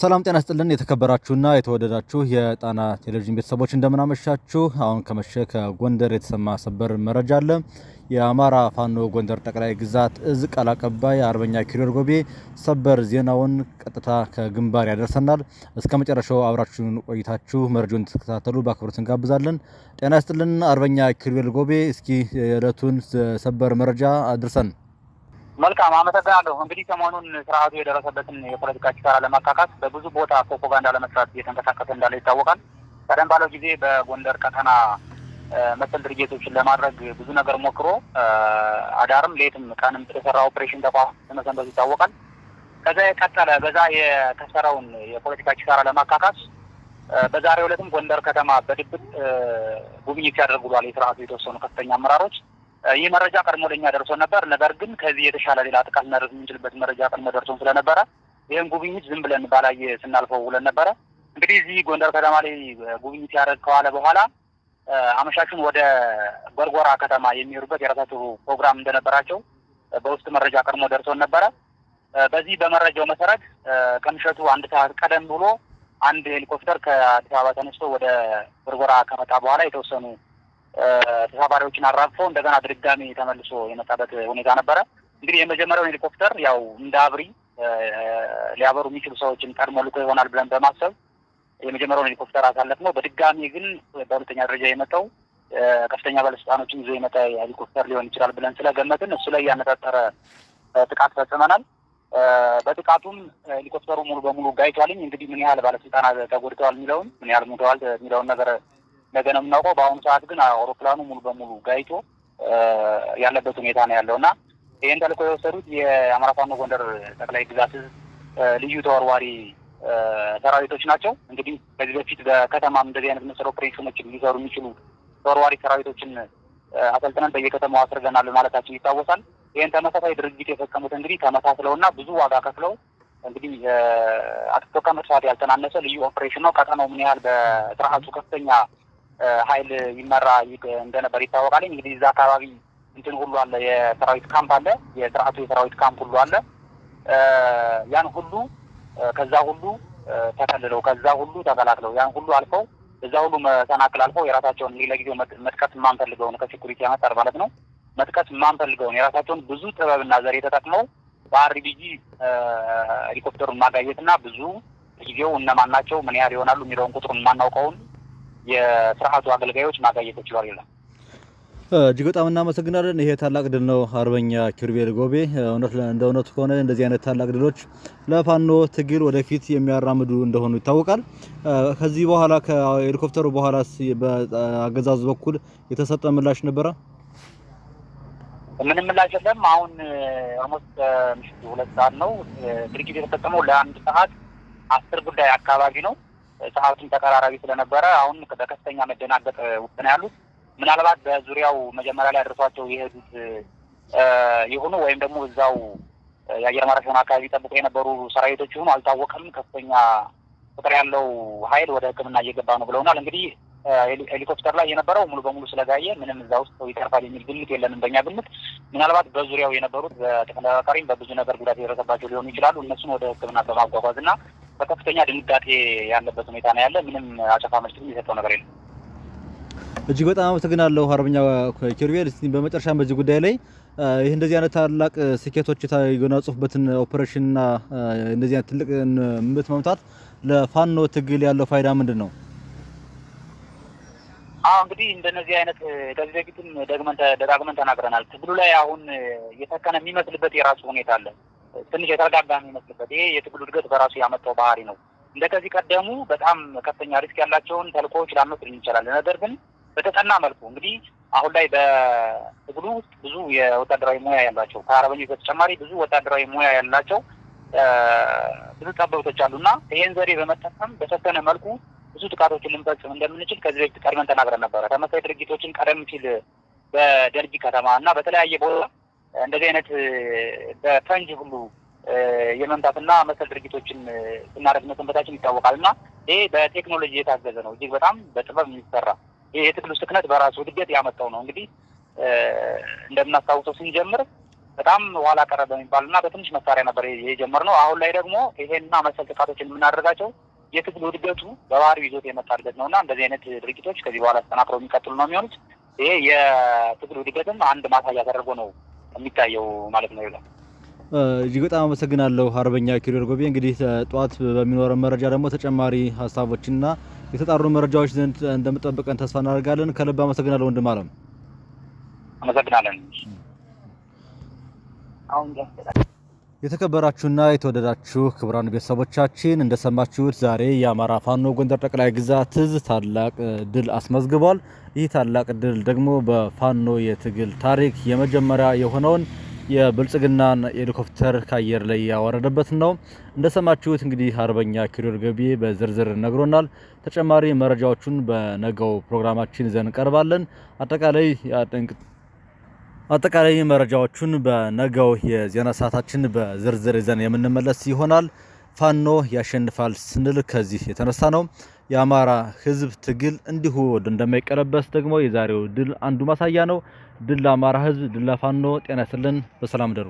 ሰላም ጤና ስጥልን። የተከበራችሁና የተወደዳችሁ የጣና ቴሌቪዥን ቤተሰቦች እንደምናመሻችሁ። አሁን ከመሸ ከጎንደር የተሰማ ሰበር መረጃ አለ። የአማራ ፋኖ ጎንደር ጠቅላይ ግዛት እዝ ቃል አቀባይ አርበኛ ኪሪር ጎቤ ሰበር ዜናውን ቀጥታ ከግንባር ያደርሰናል። እስከ መጨረሻው አብራችሁን ቆይታችሁ መረጃውን እንድትከታተሉ በአክብሮት እንጋብዛለን። ጤና ስጥልን። አርበኛ ኪሪር ጎቤ፣ እስኪ የዕለቱን ሰበር መረጃ አድርሰን መልካም አመሰግናለሁ። እንግዲህ ሰሞኑን ስርዓቱ የደረሰበትን የፖለቲካ ኪሳራ ለማካካስ በብዙ ቦታ ፕሮፓጋንዳ ለመስራት እየተንቀሳቀሰ እንዳለ ይታወቃል። ቀደም ባለው ጊዜ በጎንደር ቀጠና መሰል ድርጊቶችን ለማድረግ ብዙ ነገር ሞክሮ አዳርም ሌትም ቀንም የተሰራ ኦፕሬሽን ተቋም መሰንበቱ ይታወቃል። ከዛ የቀጠለ በዛ የተሰራውን የፖለቲካ ኪሳራ ለማካካስ በዛሬው ዕለትም ጎንደር ከተማ በድብቅ ጉብኝት ያደርጉሏል የስርዓቱ የተወሰኑ ከፍተኛ አመራሮች ይህ መረጃ ቀድሞ ለኛ ደርሶ ነበር። ነገር ግን ከዚህ የተሻለ ሌላ ጥቃት መድረስ የምንችልበት መረጃ ቀድሞ ደርሶን ስለነበረ ይህን ጉብኝት ዝም ብለን ባላየ ስናልፈው ውለን ነበረ። እንግዲህ እዚህ ጎንደር ከተማ ላይ ጉብኝት ያደረግ ከዋለ በኋላ አመሻሹን ወደ ጎርጎራ ከተማ የሚሄዱበት የራሳቸው ፕሮግራም እንደነበራቸው በውስጥ መረጃ ቀድሞ ደርሶን ነበረ። በዚህ በመረጃው መሰረት ከምሸቱ አንድ ሰዓት ቀደም ብሎ አንድ ሄሊኮፕተር ከአዲስ አበባ ተነስቶ ወደ ጎርጎራ ከመጣ በኋላ የተወሰኑ ተሳፋሪዎችን አራግፎ እንደገና ድጋሚ ተመልሶ የመጣበት ሁኔታ ነበረ። እንግዲህ የመጀመሪያውን ሄሊኮፕተር ያው እንደ አብሪ ሊያበሩ የሚችሉ ሰዎችን ቀድሞ ልኮ ይሆናል ብለን በማሰብ የመጀመሪያውን ሄሊኮፕተር አሳለፍ ነው። በድጋሚ ግን በሁለተኛ ደረጃ የመጣው ከፍተኛ ባለስልጣኖችን ይዞ የመጣ ሄሊኮፕተር ሊሆን ይችላል ብለን ስለገመትን እሱ ላይ ያነጣጠረ ጥቃት ፈጽመናል። በጥቃቱም ሄሊኮፕተሩ ሙሉ በሙሉ ጋይቷልኝ። እንግዲህ ምን ያህል ባለስልጣናት ተጎድተዋል የሚለውን ምን ያህል ሙተዋል የሚለውን ነገር ነገ ነው የምናውቀው። በአሁኑ ሰዓት ግን አውሮፕላኑ ሙሉ በሙሉ ጋይቶ ያለበት ሁኔታ ነው ያለው እና ይህን ተልዕኮ የወሰዱት የአማራ ፋኖ ጎንደር ጠቅላይ ግዛት ልዩ ተወርዋሪ ሰራዊቶች ናቸው። እንግዲህ ከዚህ በፊት በከተማም እንደዚህ አይነት መሰል ኦፕሬሽኖችን ሊሰሩ የሚችሉ ተወርዋሪ ሰራዊቶችን አሰልጥነን በየከተማው አስርገናል ማለታችን ይታወሳል። ይህን ተመሳሳይ ድርጊት የፈጸሙት እንግዲህ እና ብዙ ዋጋ ከፍለው እንግዲህ አጥፍቶ ከመጥፋት ያልተናነሰ ልዩ ኦፕሬሽን ነው። ቀጠናው ምን ያህል በስርዓቱ ከፍተኛ ኃይል ይመራ እንደነበር ይታወቃል። እንግዲህ እዛ አካባቢ እንትን ሁሉ አለ፣ የሰራዊት ካምፕ አለ፣ የስርዓቱ የሰራዊት ካምፕ ሁሉ አለ። ያን ሁሉ ከዛ ሁሉ ተከልለው ከዛ ሁሉ ተከላክለው ያን ሁሉ አልፈው እዛ ሁሉ መሰናክል አልፈው የራሳቸውን እንግዲህ ለጊዜው መጥቀስ የማንፈልገውን ከሴኩሪቲ አንጻር ማለት ነው መጥቀስ የማንፈልገውን የራሳቸውን ብዙ ጥበብና ዘሬ ተጠቅመው በአርቢጂ ሄሊኮፕተሩን ማጋየትና ብዙ ጊዜው እነማን ናቸው ምን ያህል ይሆናሉ የሚለውን ቁጥሩን የማናውቀውን የስርዓቱ አገልጋዮች ማጋየት ችሏል ይላል። እጅግ በጣም እናመሰግናለን። ይሄ ታላቅ ድል ነው። አርበኛ ኪሩቤል ጎቤ፣ እውነት እንደ እውነቱ ከሆነ እንደዚህ አይነት ታላቅ ድሎች ለፋኖ ትግል ወደፊት የሚያራምዱ እንደሆኑ ይታወቃል። ከዚህ በኋላ ከሄሊኮፕተሩ በኋላ በአገዛዝ በኩል የተሰጠ ምላሽ ነበረ? ምንም ምላሽ የለም። አሁን ኦልሞስት ምሽቱ ሁለት ሰዓት ነው። ድርጊት የተፈጸመው ለአንድ ሰዓት አስር ጉዳይ አካባቢ ነው። ፀሐዩም ተቀራራቢ ስለነበረ አሁን በከፍተኛ መደናገጥ ውስጥ ነው ያሉት። ምናልባት በዙሪያው መጀመሪያ ላይ አድርሷቸው የሄዱት የሆኑ ወይም ደግሞ እዛው የአየር ማረፊያውን አካባቢ ጠብቆ የነበሩ ሰራዊቶች ይሁኑ አልታወቀም። ከፍተኛ ቁጥር ያለው ኃይል ወደ ሕክምና እየገባ ነው ብለውናል። እንግዲህ ሄሊኮፕተር ላይ የነበረው ሙሉ በሙሉ ስለጋየ ምንም እዛ ውስጥ ሰው ይተርፋል የሚል ግምት የለንም። በእኛ ግምት ምናልባት በዙሪያው የነበሩት በተከላካሪም በብዙ ነገር ጉዳት የደረሰባቸው ሊሆኑ ይችላሉ። እነሱን ወደ ሕክምና በማጓጓዝ እና በከፍተኛ ድንጋጤ ያለበት ሁኔታ ነው ያለ። ምንም አጨፋ መሽት የሰጠው ነገር የለም። እጅግ በጣም አመሰግናለሁ አርበኛ ኪሩቤል። እስቲ በመጨረሻም በዚህ ጉዳይ ላይ ይህ እንደዚህ አይነት ታላቅ ስኬቶች የጎናጸፉበትን ኦፕሬሽንና እንደዚህ አይነት ትልቅ ምት መምታት ለፋኖ ትግል ያለው ፋይዳ ምንድን ነው? አሁ እንግዲህ እንደነዚህ አይነት ከዚህ በፊትም ደግመን ደጋግመን ተናግረናል። ትግሉ ላይ አሁን እየተከነ የሚመስልበት የራሱ ሁኔታ አለ። ትንሽ የተረጋጋ የሚመስልበት ይሄ የትግሉ እድገት በራሱ ያመጣው ባህሪ ነው። እንደ ከዚህ ቀደሙ በጣም ከፍተኛ ሪስክ ያላቸውን ተልኮዎች ላመስል እንችላለን። ነገር ግን በተጠና መልኩ እንግዲህ አሁን ላይ በትግሉ ውስጥ ብዙ የወታደራዊ ሙያ ያላቸው ከአረበኞች በተጨማሪ ብዙ ወታደራዊ ሙያ ያላቸው ብዙ ጠበብቶች አሉና ይህን ዘዴ በመጠቀም በሰተነ መልኩ ብዙ ጥቃቶችን ልንፈጽም እንደምንችል ከዚህ በፊት ቀድመን ተናግረን ነበረ። ተመሳሳይ ድርጊቶችን ቀደም ሲል በደርጊ ከተማ እና በተለያየ ቦታ እንደዚህ አይነት በፈንጅ ሁሉ የመምታትና መሰል ድርጊቶችን ስናደርግ መሰንበታችን ይታወቃል እና ይህ በቴክኖሎጂ የታገዘ ነው። እጅግ በጣም በጥበብ የሚሰራ ይህ የትግሉ ስክነት በራሱ እድገት ያመጣው ነው። እንግዲህ እንደምናስታውሰው ስንጀምር በጣም ኋላ ቀረ በሚባልና በትንሽ መሳሪያ ነበር የጀመርነው። አሁን ላይ ደግሞ ይሄንና መሰል ጥቃቶችን የምናደርጋቸው የትግሉ እድገቱ በባህሪው ይዞት የመጣ እድገት ነው እና እንደዚህ አይነት ድርጊቶች ከዚህ በኋላ ተጠናክረው የሚቀጥሉ ነው የሚሆኑት። ይሄ የትግሉ እድገትም አንድ ማሳያ ተደርጎ ነው የሚታየው ማለት ነው ይላል። እጅግ በጣም አመሰግናለሁ አርበኛ ኪሪር ጎቤ። እንግዲህ ጠዋት በሚኖረን መረጃ ደግሞ ተጨማሪ ሀሳቦችና የተጣሩ መረጃዎች ዘንድ እንደምጠብቀን ተስፋ እናደርጋለን። ከልብ አመሰግናለሁ ወንድም አለም። አመሰግናለን። የተከበራችሁና የተወደዳችሁ ክቡራን ቤተሰቦቻችን እንደሰማችሁት ዛሬ የአማራ ፋኖ ጎንደር ጠቅላይ ግዛት እዝ ታላቅ ድል አስመዝግቧል። ይህ ታላቅ ድል ደግሞ በፋኖ የትግል ታሪክ የመጀመሪያ የሆነውን የብልጽግናን ሄሊኮፕተር ከአየር ላይ ያወረደበት ነው። እንደሰማችሁት እንግዲህ አርበኛ ኪሪር ገቢዬ በዝርዝር ነግሮናል። ተጨማሪ መረጃዎቹን በነገው ፕሮግራማችን ይዘን እንቀርባለን። አጠቃላይ አጠቃላይ መረጃዎቹን በነገው የዜና ሰዓታችን በዝርዝር ይዘን የምንመለስ ይሆናል። ፋኖ ያሸንፋል ስንል ከዚህ የተነሳ ነው። የአማራ ሕዝብ ትግል እንዲሁ ወደ እንደማይቀለበስ ደግሞ የዛሬው ድል አንዱ ማሳያ ነው። ድል ለአማራ ሕዝብ፣ ድል ለፋኖ። ጤና ይስጥልን። በሰላም ደሩ